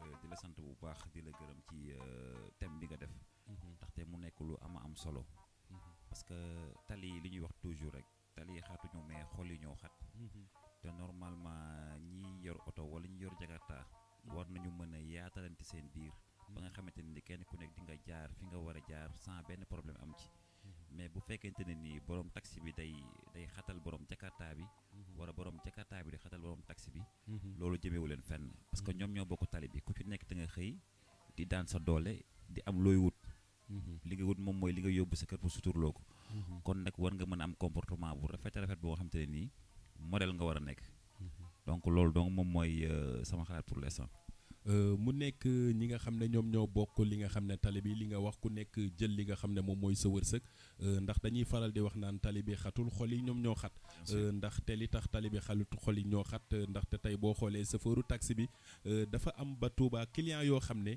Euh, di la sant bu baax di la gërëm ci euh, thème bi nga def. taxte mhm. mu nekk lu ama am solo. Mhm. parce que tali yi li ñuy wax toujours rek tali yi xaatuñu mais xol yi ñoo xat. Mhm. te normalement ñi yor oto wala ñi yor jakarta war nañu mën a yaatalante seen biir. ba nga xamante ni kenn ku nekk di nga jaar fi nga war a jaar sans benn problème am ci. mais bu fekkente ne nii borom taxi bi day day xatal borom jakarta bi. war a borom jakartaa bi di xatal borom taxi bi. Mhm. loolu jëmewu leen fenn. parce que mhm. ñoom ñoo bokk tali bi ku ci nekk da nga xëy di daan sa doole di am looy wut. Mhm. li nga wut moom mooy li nga yóbbu sa kër pour suturloo ko. kon nag war nga mën a am comportement bu rafet a rafet boo xam te ne nii modèle nga war a nekk. donc loolu donc moom mooy euh, sama xalaat pour l'instant. Euh, mu nekk ñi nga xam ne ñoom ñoo bokk li nga xam ne tali bi li nga wax ku nekk jël li nga xam ne moom mooy sa wërsëg euh, ndax dañuy faral di wax naan tali bi xatul xol yi ñoom ñoo xat euh, ndax te li tax tali bi xalut xol yi ñoo xat ndaxte tey boo xoolee safaru taxi bi dafa am ba Tuuba client yoo xam ne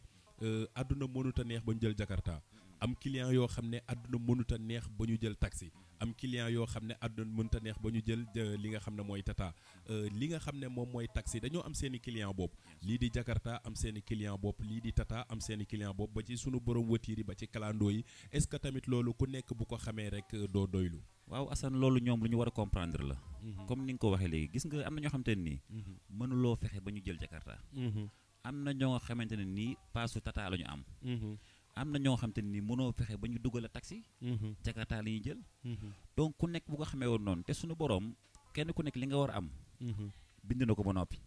àdduna mënut a neex ba ñu jël Jakarta mm-hmm. am client yoo xam ne àdduna mënut a neex ba ñu jël taxi am client yoo xam ne àdduna mënta neex ba ñu jël li nga xam ne mooy Tata euh, li nga xam ne moom mooy taxi dañoo am seen i client bopp lii di Jakarta am seen i client bopp lii di Tata am seen i client bopp ba ci suñu borom watiir yi ba ci kalandoo yi est-ce que tamit loolu ku nekk bu ko xamee rek euh, doo doylu waaw Assane loolu ñoom lu ñu war a comprendre la mhm. comme ni nga ko waxee léegi gis nga am na ñoo xamante ne nii mhm. mënuloo fexe ba ñu jël Jakarta mhm. am na ñoo xamante ne nii paasu Tata lañu am am na ñoo xam te ni mënoo fexe ba ñu dugal a taxi. Mhm. jakarta la jël. Mhm. donc ku nekk bu ko xamee woon noonu te suñu boroom kenn ku nekk li nga war a am. Mhm. bind na ko ba noppi.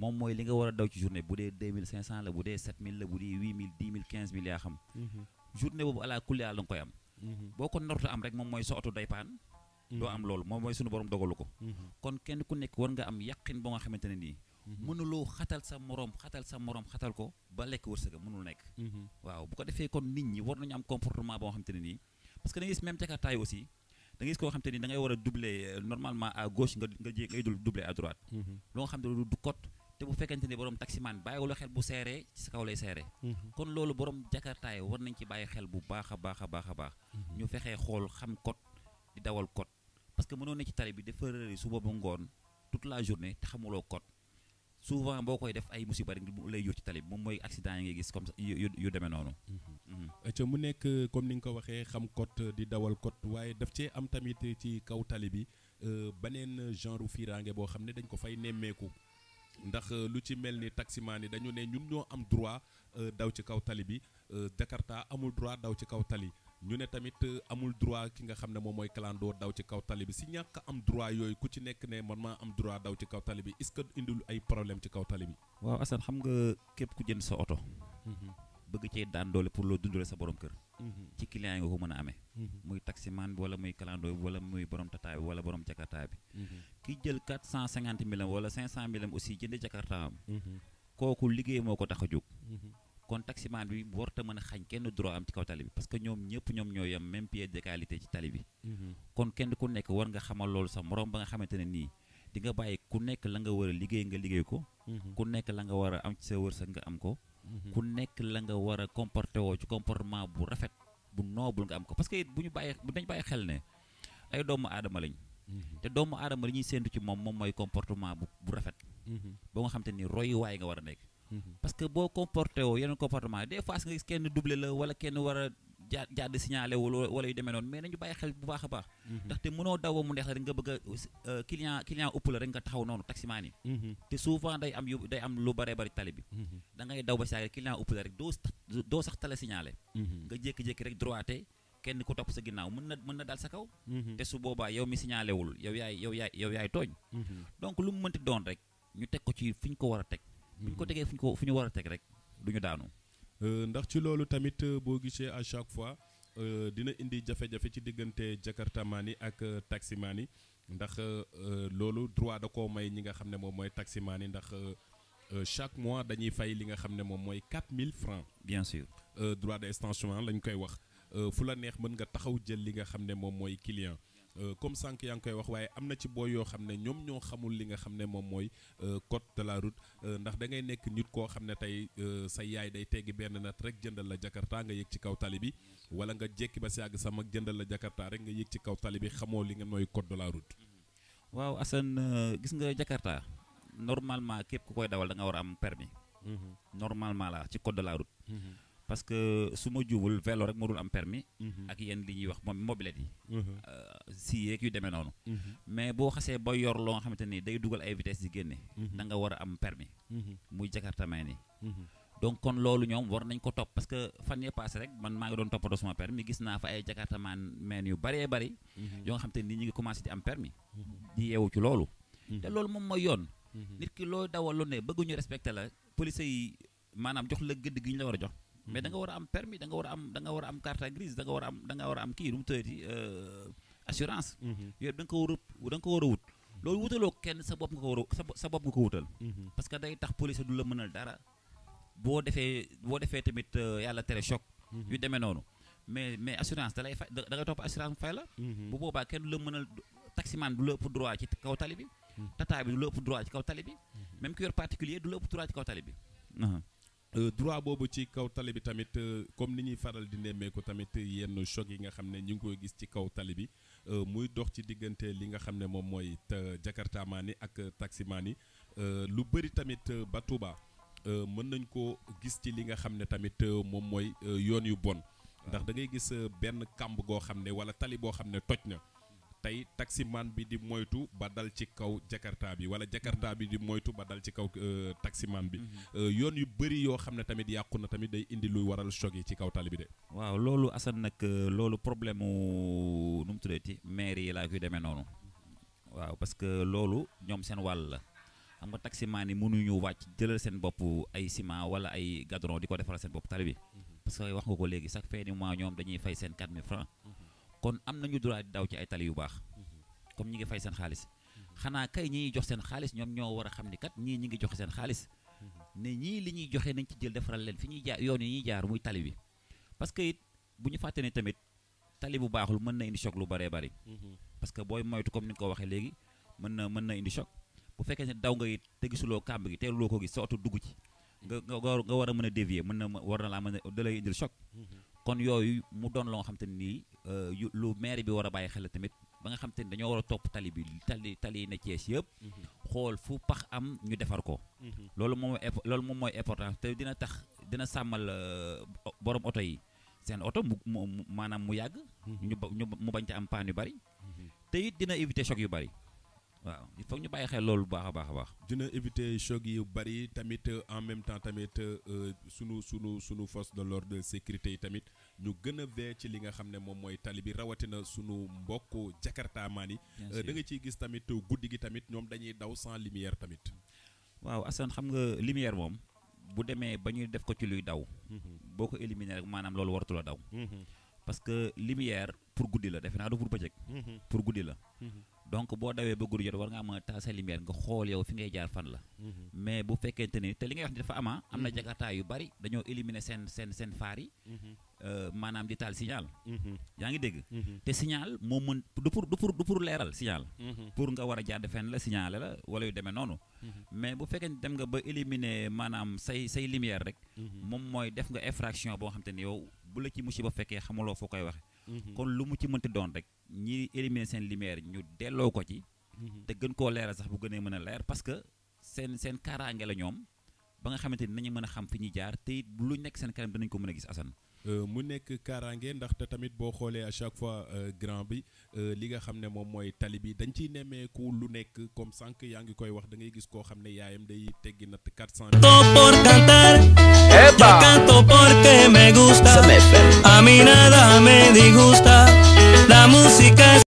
moom mooy li nga war a daw ci journée bu dee 2500 la bu dee 7000 la bu dee 8000 10000 15000 yaa xam. journée boobu ala kulli la nga koy am. boo ko nortu am rek moom mooy sa oto day paan. doo am loolu moom mooy suñu boroom dogalu ko. kon kenn ku nekk war Mm-hmm. mënuloo xatal sa moroom xatal sa moroom xatal ko ba lekk wërsëga mënul nekk mm-hmm. waaw bu ko defee kon nit ñi war nañu am comportement boo xam te ne nii parce que da ngay gis même jakartaay aussi da ngay gis koo xam te ni da ngay war a doubler euh, normalement à gauche nga nga jé ngay dul doubler à droite mm-hmm. loo xam te du code te bu fekkente ni borom taximaan bàyyiwula xel bu seeree ci sa kaw lay seeree kon loolu borom jakartaay war nañ ci bàyyi xel bu baax a baax a baax a baax ñu fexee souvent boo koy def ay musiba rek lay yóbbu ci tali bi moom mooy accident yi ngay gis comme yu yu demee noonu. Mm-hmm. ca mu nekk comme ni nga ko waxee xam code di dawal kot waaye daf cee am tamit ci kaw tali bi euh, beneen genre fiiraange boo xam ne dañ ko fay nemmeeku. ndax euh, lu ci mel ni taximaan ni dañu ne ñun ñoo am droit euh, daw ci kaw tali bi Jakarta amul droit daw ci kaw tali. ñu ne tamit euh, amul droit ki nga xam ne moom mooy kalandoo daw ci kaw tali bi si ñàkk am droit yooyu ku ci nekk ne man maa am droit daw ci kaw tali bi est-ce que indul ay problème ci kaw tali bi. waaw Assane xam nga képp ku jënd sa oto. Mhm. bëgg cee daan doole pour loo dundale sa borom kër. Mhm. ci client yi nga ko mën a amee. Mhm. muy taximan bi wala muy kalandoo bi wala muy borom tataay bi wala borom jakarta bi. ki jël quatre cent cinquante mille am wala cinq cent mille am aussi jënd jakartaam. kooku liggéey moo ko tax a jóg. kon taximan bi warta mën a xañ kenn droit am ci kaw tali bi parce que ñom ñepp ñom ñoy am même pied de qualité ci tali bi mhm. kon kenn ku nekk war nga xamal lool sa morom ba nga xamantene ni di nga baye ku nekk la nga wara liggey nga liggey ko mhm. ku nekk la nga wara am ci sa wërsëg nga am ko mhm. ku nekk la nga wara comporter wo ci comportement bu rafet bu noble nga am ko parce que bu ñu bu dañ baye xel ne ay doomu adama lañ te doomu adama li ñuy sentu ci mom mom moy comportement bu rafet ba nga xam te nga wara nekk Mhm. parce que boo comporté woo yeneen comportement des fois nga gis kenn doublé la wala kenn war a jàdd signalé wul yu demee noonu mais nañu bàyyi xel bu baax a baax mhm. ndaxte mënoo daw ba mu neex rek nga bëgg a euh, client la rek nga taxaw noonu taximaan yi mhm. te souvent day am yu day am lu bare bari tali bi da daw ba si rek client la rek doo sax tala signalé nga jékki-jékki rek droité kenn ku topp sa ginnaaw mën na mën na dal sa kaw te su a bu ko tegee fuñ ko fu ñu war a teg rek duñu ñu daanu. Euh, ndax ci loolu tamit euh, boo gisee à chaque fois euh, dina indi jafe-jafe ci diggante jakarta yi ak taxi yi ndax loolu droit da koo may ñi nga xam ne moom mooy taximaan yi ndax chaque mois dañuy fay li nga xam ne moom mooy 4000 francs bien sûr droit d'extension hein, lañ koy wax fu la neex mën nga taxaw jël li nga xam ne moom mooy client. Euh, comme sànq yaa ngi koy wax waaye am na ci booy yoo xam ne ñoom ñoo xamul li nga xam ne moom mooy euh, code de la route euh, ndax dangay nekk nit koo xam ne tey sa yaay day teggi benn nat rek jëndal la jakarta nga yëg ci kaw tali bi wala nga jekki ba si yàgg sa jëndal la jakarta rek nga yëg ci kaw tali bi xamoo li nga mooy code de la route. waaw Assane gis nga jakarta normalement képp ku koy dawal da nga war a am permis mhm. normalement la ci code de la route. Mhm. parce que su ma juubul vélo rek moo dul am permis mhm. ak yenn li ñuy wax moom mobilette yi mhm. euh, si rek yu demee noonu mhm. mais boo xasee ba yor loo nga xamante ni day dugal ay vitesse di génne da nga war a am permis muy jakartamay ni donc kon loolu ñoom war nañ ko topp parce que fan yee passé rek man maa ngi doon toppatoo sama permis gis naa fa ay jakartamaan meen yu bëree bëri yoo nga xam te ni ñu ngi commencé di am permis di yeewu ci loolu te loolu moom mooy yoon nit ki loo dawal lu ne bëgguñu respecté la police maanaam jox la gëdd gi la war a jox mais da nga war a am permis da war a am da a grise da war a am kii nu mu euh, assurance. Mhm. yooyu da ko war a da wut. loolu wutaloo kenn sa bopp nga ko war a sa bopp nga mhm. parce que day tax police du la mënal dara boo defee boo defee tamit euh, yàlla tere choc. Mhm. yu demee noonu mais mais assurance da lay fay da ngay topp assurance fay la. bu boobaa kenn du la mënal taximan du la ëpp droit ci kaw tali bi. tata du la ëpp droit ci kaw tali bi. même ku yor particulier Euh, droit boobu ci kaw tali bi tamit euh, comme ni ñuy faral di nemmeeku tamit yenn choc yi nga xam ne ñu ngi koy gis ci kaw tali bi euh, muy dox ci diggante li nga xam ne moom mooy jakartamaan yi ak taximaan yi lu bëri tamit ba Touba mën nañ ko gis ci li nga xam ne tamit moom mooy yoon yu bon ndax da ngay gis benn kamb goo xam ne wala tali boo xam ne toj na tey taximan bi di moytu ba dal ci kaw jakarta bi wala jakarta bi di moytu ba dal ci kaw euh, taximan bi mhm. euh, yoon yu bëri yoo xam ne tamit yàqu na tamit day indi lu waral choc yi ci kaw tali bi de waaw loolu Assane nag euh, loolu problème mu nu mu tuddati maire yi laa koy demee noonu waaw parce que loolu ñoom seen wàll la xam nga taximaan yi mënuñu wàcc jëlal seen bopp ay ciment wala ay gadron di ko defal seen bopp tali bi mhm. parce wax nga ko léegi chaque fin mois ñoom kon am nañu droit di daw ci ay tali yu baax mm-hmm. comme ñi ngi fay seen xaalis mm-hmm. xanaa kay ñi jox seen xaalis ñoom ñoo war a xam ni kat ñii ñi ngi joxe seen xaalis mm-hmm. ne ñii li ñuy joxe nañ ci jël defaral leen fi ñuy jaar yoon yi ñuy jaar muy tali bi parce bu ñu fàtte ne tamit tali bu baaxul mën na indi choc lu bëree bëri parce que booy moytu comme ni nga ko waxee léegi mën na mën na indi choc bu fekkee ne daw nga it te gisuloo kàmb gi teeluloo ko gis sa oto dugg a a dévier mën kon yooyu mu doon loo xam te ni euh, lu maire bi war a bàyyi xel tamit ba nga xam te ni dañoo war a topp tali bi tali tali yi ne Thiès yëpp. Mm-hmm. xool fu pax am ñu defar ko. loolu moom mm-hmm. loolu moom mooy importance te dina tax dina sàmmal euh, borom oto yi seen oto mu mu maanaam mu yàgg. Mm-hmm. ñu ba ñu bañ ca am paan yu bari. te it dina éviter choc yu bari. waaw il ñu bàyyi xel loolu bu baax a baax a baax. dina éviter choc yu bari tamit en même temps tamit euh, sunu sunu sunu force de l'ordre de sécurité yi tamit ñu gën a vee ci li nga xam ne moom mooy tali bi rawatina sunu mbokk jakartaamaan yi. Euh, da nga ciy gis tamit guddi gi tamit ñoom dañuy daw sans lumière tamit. waaw Assane xam nga lumière moom bu demee ba ñuy def ko ci luy daw. Mhm. boo ko éliminer maanaam loolu waratu la daw. Mhm. parce que pour guddi la defe naa du mhm. la. donc boo dawee ba guddi jot war ngaa mën a taal sa lumière nga xool yow fi ngay jaar fan la. Mm-hmm. mais bu fekkente ni te li ngay wax ni dafa ama ah, am na mm-hmm. jakarta yu bari dañoo éliminer seen seen faar yi. Mm-hmm. Euh, maanaam di taal signal. yaa ngi dégg. te signal moo mën du pour du pour leeral signal. pour nga war a jàdd fenn la signal la wala yu demee noonu. mais bu fekkee dem nga ba éliminer maanaam say say lumière rek. moom mooy def nga infraction boo xam te ni yow ñi éliminer seen lumière ñu delloo ko ci. Mhm. te gën koo leeral sax bu gënee mën a leer parce que seen seen kaaraange la ñoom ba nga xamante ni nañu mën a xam fi ñuy jaar te lu nekk seen kanam danañ ko mën a gis Assane. Euh, mu nekk kaaraange ndaxte tamit boo xoolee à chaque fois euh, grand bi euh, li nga xam ne moom mooy tali bi dañ ciy nemmeeku lu nekk comme sànq yaa ngi koy wax da ngay gis koo xam ne yaayam day teggi natt 400. por cantar porque me gusta a mí nada me La música es